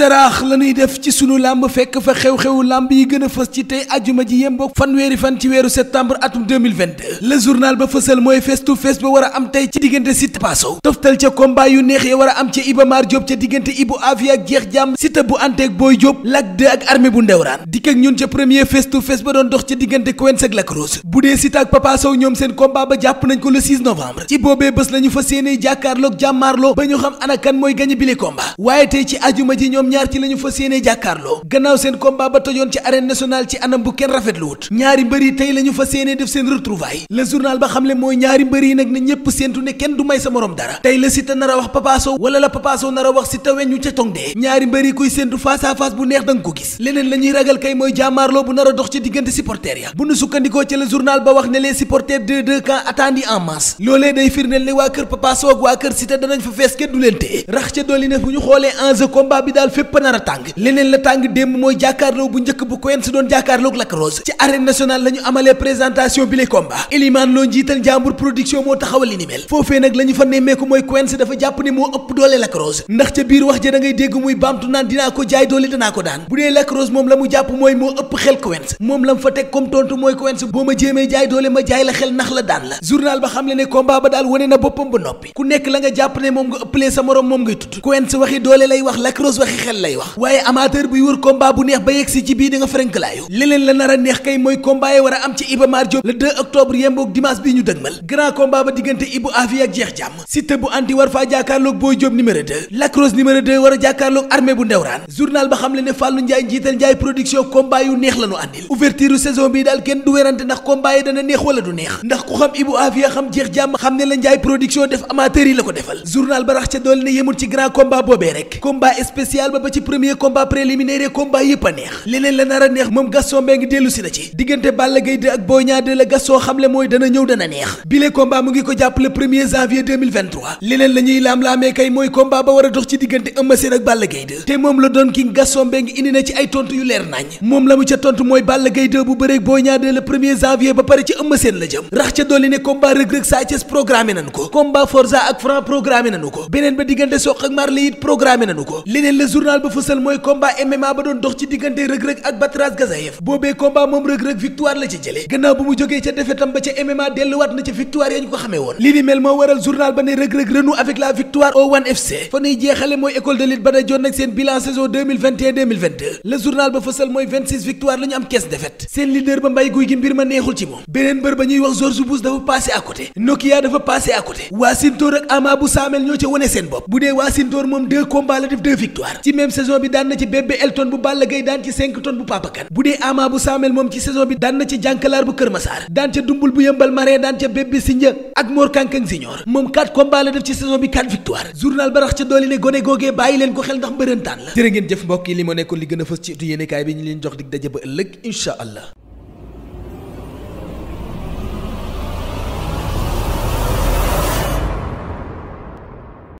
saraax la ñuy def ci sunu làmb fekk fa xew-xewu làmb yi gën fës ci tey ajuma ji yem fanweeri fan ci weeru septembre atum 2022 le journal ba fësal mooy face to face ba war a am tey ci diggante Siteu Papa Sow toftal ca combat yu neex ya war a am ca Iba Mar ca diggante Ibou Afia ak Jeex Jàmm Siteu bu anteeg Boy Diop Lac 2 ak armée bu ndewraan dikk ak ñun ca premier face to face ba doon dox ca diggante Quench ak Lac Rose bu dee Siteu ak Papa Sow ñoom seen ko ñaar ci la ñu fas yéene jàkkaarloo gannaaw seen combat ba tojoon ci arène nationale ci anam bu kenn tey la ñu fas seen retrouvaille le journal ba xamle mooy ñaari mbër kenn du may sa morom a wax Papa Sow la Papa Sow a wax Siteu weñu ca tongdee ñaari mbër yi koy séentu face à bu neex danga ko gis leneen la ñuy ragal kay mooy jàmmaarloo bu nar a dox ci diggante supporters ya bu nu sukkandikoo ci le journal ba wax ne les supporters de deux camps en masse loolee day firndeel ne waa kër Papa ak waa kër Siteu danañ fa fees kenn du leen téye rax ca dolli ne bu ñu xoolee enjeu combat bi daal Sénégal fépp nar tàng leneen la tàng démb mooy jàkkaarloo bu njëkk bu Quench si doon jàkkaarloog Lac Rose ci arène nationale la ñu amalee présentation bi le combat Elimane loo njiital Njàmbur production moo taxawal li ni mel foofee nag la ñu fa nemmeeku mooy Quench dafa jàpp ne moo ëpp doole Lac Rose ndax ca biir wax ngay dégg muy baamtu naan dinaa ko jaay doole danaa ko daan bu dee moom la mu jàpp mooy moo ëpp xel Quench moom la mu fa teg comme tontu mooy Quench boo ma jéemee jaay doole ma jaay la xel nax la daan la journal ba xam le ne combat ba daal wane na boppam ba noppi ku nekk la nga jàpp ne moom nga ëppalee sa morom moom ngay tudd Quench waxi wax Lac xel lay wax waaye amateur buy wër combat bu neex ba yegsi ci bii di nga frenkalaayu leneen la nar a neex kay mooy combat yi war a am ci Iba Mar Diop le 2 octobre yemboog bii ñu dëgmal grand combat ba diggante Ibou Afia Jeex Jàmm Siteu bu anti war faa jàkkaarloog Boy Diop numéro 2 Lac Rose war a jàkkaarloog bu ndewraan journal ba xam le ne Fallou Ndiaye njiital Ndiaye production combat yu neex la ñu àndil ouverture saison bii daal kenn du la Ndiaye production def finale ba ba ci premier combat préliminaire combat yëpp a neex leneen la nar a neex moom Gaston Mbengue dellu si na ci diggante Balla Gaye 2 ak Boy Niang 2 la Gaston xamle mooy dana ñëw dana neex bile combat mu ngi ko jàpp le 1er janvier 2023 leneen la ñuy laam-laamee kay mooy combat ba war a dox ci diggante Eumeu Sène ak Balla Gaye 2 te moom la doon king Gaston Mbengue indi na ci ay tontu yu leer nañ moom la mu ca tontu mooy Balla Gaye bu bëreeg Boy Niang ko combat Forza ak ba diggante Sokh ak Marley journal ba fësal mooy combat MMA ba doon dox ci diggante rëg-rëg ak Batraz Gazayev boobee combat moom rëg-rëg victoire la ci jëlee gannaaw bu mu jógee ca defetam ba ca MMA delluwaat na ca victoire ya ñu ko xamee woon li mel moo waral journal ba ne rëg-rëg renu avec la victoire au fc fa nuy jeexale mooy école de ba da joon nag seen bilan saison 2021 journal ba fësal mooy 26 victoire la am 15 défaite seen leader ba mbay guy gi mbir ma neexul ci même saison bi daan na ci bébé Elton bu Balla Gaye daan ci 5 tonnes bu papakan bu dee ama bu saamel moom ci saison bi daan ci jànkalaar bu Kër Masaar daan ca dumbul bu yëmbal maree daan ca bébé Sinja ak Mor Kankang Senior moom 4 ci saison ne gone googee bàyyi leen ko xel ndax mbërëntaan la jërë ngeen jëf mbokk yi li ma nekkoon li gën a fës ci tu yéenekaay bi ñu leen jox dig daje ba ëllëg incha allah